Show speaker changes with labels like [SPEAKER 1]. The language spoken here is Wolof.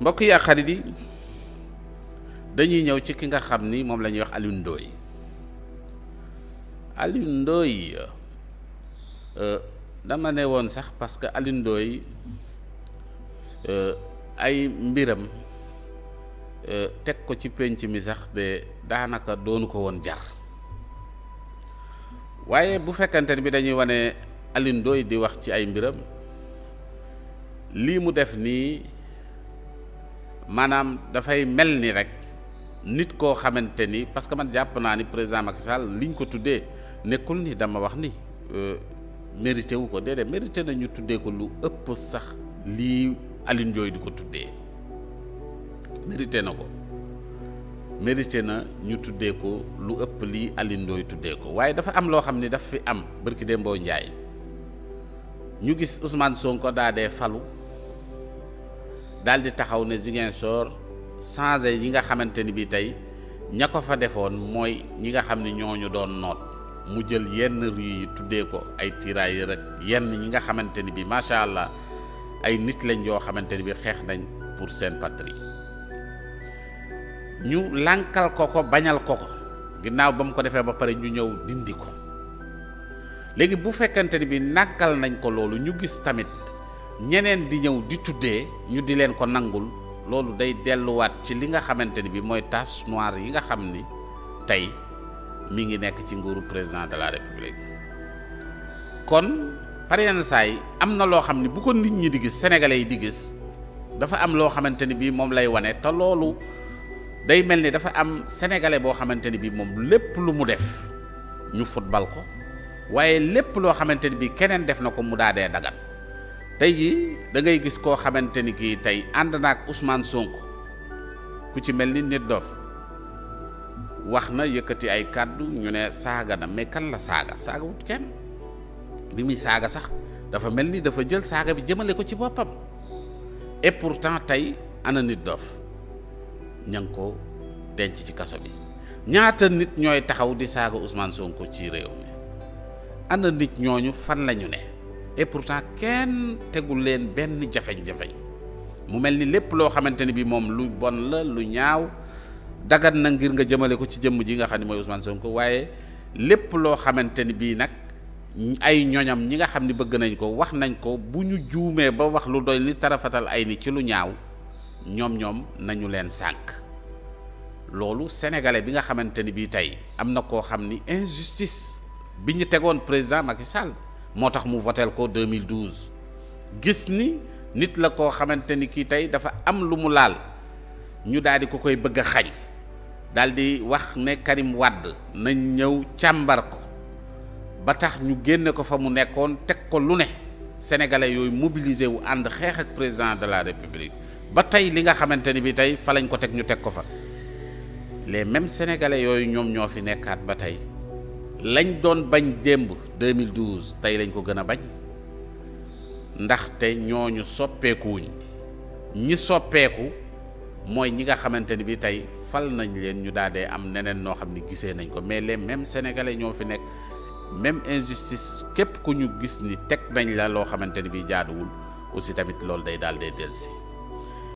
[SPEAKER 1] mbokk yaa xarit yi dañuy ñëw ci ki nga xam ni moom lañuy ñuy wax Alioune Ndoye Alioune Ndoye euh, dama ne woon sax parce que Alioune Ndoye euh, ay mbiram euh, teg ko ci penc mi sax de daanaka doonu ko woon jar waaye bu fekkante bi dañuy wane Alioune Ndoye di wax ci ay mbiram lii mu def nii. maanaam dafay mel ni rek nit koo xamante ni parce que man jàpp naa ni président Macky Sall liñ ko tuddee nekkul ni dama wax ni euh, mérité wu ko déedéet mérité na tuddee ko lu ëpp sax lii Alioune Ndoye di ko tuddee mérité na ko na ñu tuddee ko lu ëpp lii Alioune tuddee ko waaye dafa am loo xam ni daf fi am barki Dembo Ndiaye ñu gis Ousmane Sonko daa dee falu. daal di taxaw ne Ziguinchor changé yi nga xamante ni bi tey ña ko fa defoon mooy ñi nga xam ni ñooñu doon noot mu jël yenn rue yi tuddee ko ay tirailleurs rek yenn ñi nga xamante ni bi macha allah ay nit lañ yoo xamante ni bi xeex nañ pour seen patrie ñu lankal ko ko bañal ko ko ginnaaw ba mu ko defee ba pare ñu ñëw dindi ko léegi bu fekkante ni bi nànkal nañ ko loolu ñu gis tamit ñeneen di ñëw di tuddee ñu di leen ko nangul loolu day delluwaat ci li nga xamante ni bi mooy tache noire yi nga xam ni tey mu ngi nekk ci nguuru président de la république kon pareen am na loo xam ni bu ko nit ñi di gis sénégalais yi di gis dafa am loo xamante ni bii moom lay wane te loolu day mel ni dafa am sénégalais boo xamante ni bii moom lépp lu mu def ñu football ko waaye lépp loo xamante ni bii keneen def na ko mu daadee dagan tey jii da gis koo xamante ni kii tey ànd naak Ousmane Sonko ku ci mel ni nit dof wax na yëkkati ay kàddu ñu ne saaga na mais kan la saaga saaga wut kenn bi muy saaga sax dafa mel ni dafa jël saaga bi jëmale ko ci boppam et pourtant tey ana nit dof ña ngi ko denc ci kaso bi ñaata nit ñooy taxaw di saaga Ousmane Sonko ci réew mi ana nit ñooñu fan la ñu ne. et pourtant kenn tegul leen benn jafeñ-jafeñ mu mel ni lépp loo xamante ni bi moom lu bon la lu ñaaw dagat na ngir nga jëmale ko ci jëmm ji nga xam ne mooy Ousmane ko waaye lépp loo xamante ni bii nag ay ñoñam ñi nga xam ne bëgg nañ ko wax nañ ko bu ñu juumee ba wax lu doy ni tarafatal ay ni ci lu ñaaw ñoom ñoom nañu leen sànk loolu sénégalais bi nga xamante ni bii tey am na koo xam ni injustice bi ñu tegoon président Macky Sall moo tax mu voteel ko 2012 gis ni nit la koo xamante ni kii tey dafa am lu mu laal ñu daal di ko koy bëgg a xañ daal di wax ne Karim wàdd nañ ñëw càmbar ko ba tax ñu génne ko fa mu nekkoon teg ko lu ne sénégalais yooyu mobilisé wu ànd xeex ak président de la république ba tey li nga xamante ni bi tey fa lañ ko teg ñu teg ko fa les mêmes sénégalais yooyu ñoom ñoo fi nekkaat ba tey lañ doon bañ démb 2012 tey lañ ko gën a bañ ndaxte ñooñu soppeekuwuñ ñi soppeeku mooy ñi nga xamante ni bi tey fal nañ leen ñu daal dee am neneen noo xam ne gisee nañ ko mais les mêmes sénégalais ñoo fi nekk même injustice képp ku ñu gis ni teg nañ la loo xamante ni bi jaaduwul aussi tamit loolu day daal dee si